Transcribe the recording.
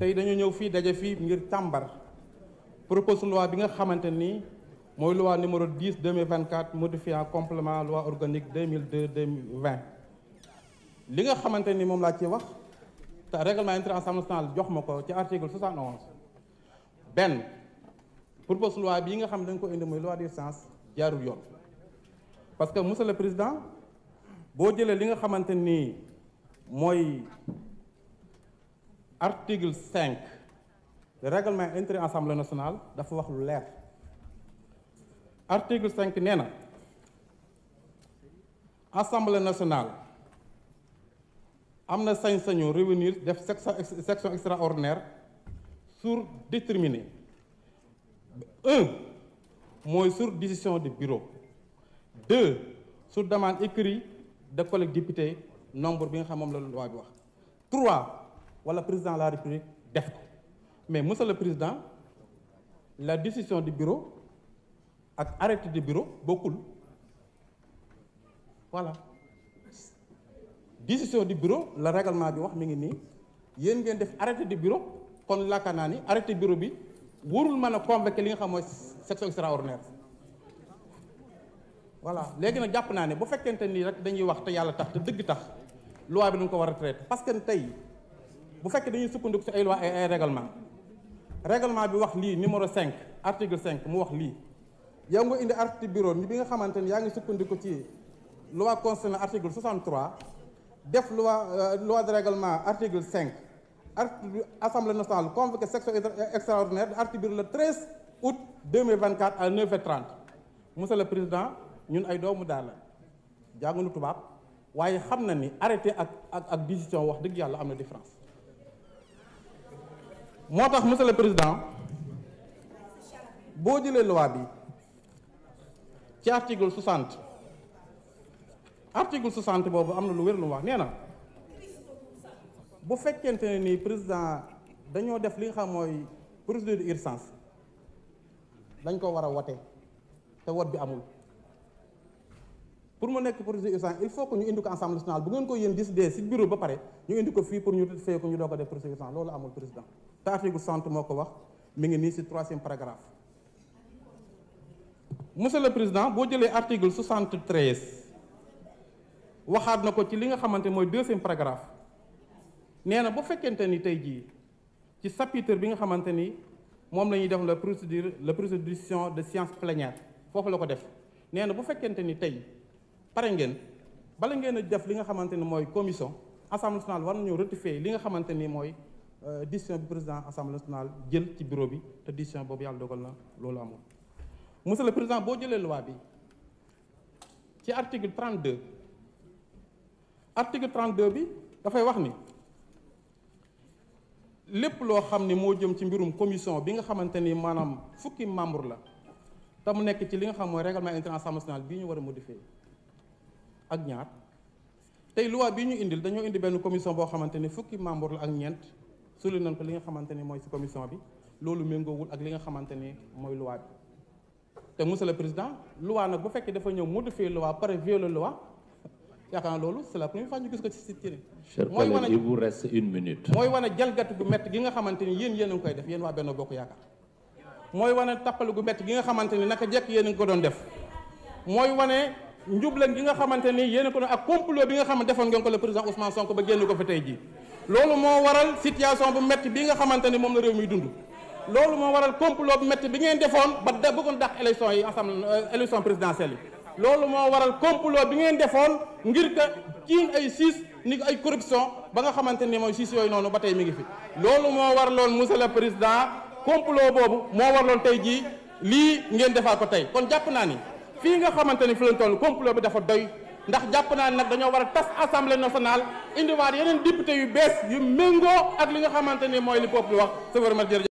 tey dañu ñëw fii daje fii ngir càmbar Proposition loi bi nga xamante ni mooy loi numéro 10 2024 modifiant complément loi organique 2002 2020 li nga xamante ni moom laa ci wax te règlement intérieur Assemblée national jox ma ko ci article 71 benn proposition loi bi nga xam dañ ko indi mooy loi d'urgence jaarul yoon parce que monsieur le président boo jëlee li nga xamante ni mooy article 5 le règlement intérieur de l'Assemblée nationale dafa wax lu leer article 5 nee na Assemblée nationale am na sañ-sañu réunir def section extraordinaire sur déterminer un mooy sur décision du bureau deux sur demande écrite de collègues députés nombre bi nga xam moom la trois le président de la république mais monsieur le président la décision du bureau ak arrêté du bureau beaucoup. voilà décision du bureau le règlement bi wax mi le bureau, arrêté du bureau kon le arrêté bureau bi le convoquer li nga section vous voilà léegi nag jàpp naa ne bu fekkente nii rek dañuy wax loi bi ko parce que bu faites dañuy sukkandiku ay loi et règlement règlement numéro 5 article 5 mu wax nous article bureau concernant 63 loi de règlement article 5 article assemblée nationale convoqué section extraordinaire article le 13 août 2024 à 9h30 monsieur le président nous ay doomu arrêté décision moo tax monsieur le président boo jëlee loi bi ci article 60 article 60 boobu am na lu wér lu wax nee na bu fekkente ne nii président dañoo def li nga xam mooy procédure d'urgence dañ ko war a wote te wote bi amul pour mu nekk projet président il faut que ñu indi ensemble national nationale bu ngeen ko yéen décidé si bureau ba pare ñu indi ko fii pour ñu feye ko ñu doog a def projet urgent loolu amul président te article cent moo ko wax mi ngi nii si troisième paragraphe monsieur le président boo jëlee article 73 waxaat na ko ci li nga xamante mooy deuxième paragraphe nee na bu fekkente ni tey jii ci chapitre bi nga xamante ni moom la ñuy def la procédure la procédure de science plénière foofu la ko def nee na bu fekkente ni tey pare ngeen bala ngeen a def li nga xamante ni mooy commission assemblée nationale war nañoo ratifier li nga xamante ni mooy euh, décision bi président assemblée nationale jël ci bureau bi te décision boobu yàlla dogal na loolu amul. monsieur le président boo jëlee loi bi ci article 32 article 32 bi dafay wax ni lépp loo xam ni moo jëm ci mbirum commission bi nga xamante ni maanaam fukki membre la te mu nekk ci li nga xam mooy règlement intérieur assemblée bii ñu war a modifier. ak ñaar tey loi bi ñu indil dañoo indi benn commission boo xamante ne fukki membre la ak ñeent suli nañ ko li nga xamante ne mooy ci commission bi loolu méngoowul ak li nga xamante ne mooy loi bi te monsieur le président loi nag bu fekkee dafa ñëw modifier loi pare violer loi yaakaar naa loolu c'est la première fois ñu gis ko ci si tiri mooy wane il vous reste une minute mooy wane jalgati gu métti gi nga xamante ni yéen yéen a ngi koy def yéen waa benn Bokk Yaakaar mooy wane tappale gu métti gi nga xamante ni naka jekk yéen a ngi ko doon def mooy wane njublan gi nga xamante ni yéen ko ne ak complot bi nga xam ne defoon ngeen ko le président Ousmane Sonko ba génn ko fa tey jii loolu moo waral nga xamante ni moom la réew mi dund loolu moo waral complot bu métti bi ngeen defoon ba da bëggoon dàq élection yi assemblée euh, élection présidentielle yi loolu moo waral complot bi ngeen defoon ngir que ciin ay siis ni ay corruption ba nga xamante ni mooy siis yooyu noonu ba tey mi ngi fi loolu moo war loon monsieur le président complot boobu moo war loon tey jii lii ngeen defaat ko tey kon jàpp naa ni fii nga xamante ni fi lañ toll complot bi dafa doy ndax jàpp naa nag dañoo war a tas assemblée nationale indiwaat yeneen député yu bees yu méngoo ak li nga xamante ni mooy li peuple wax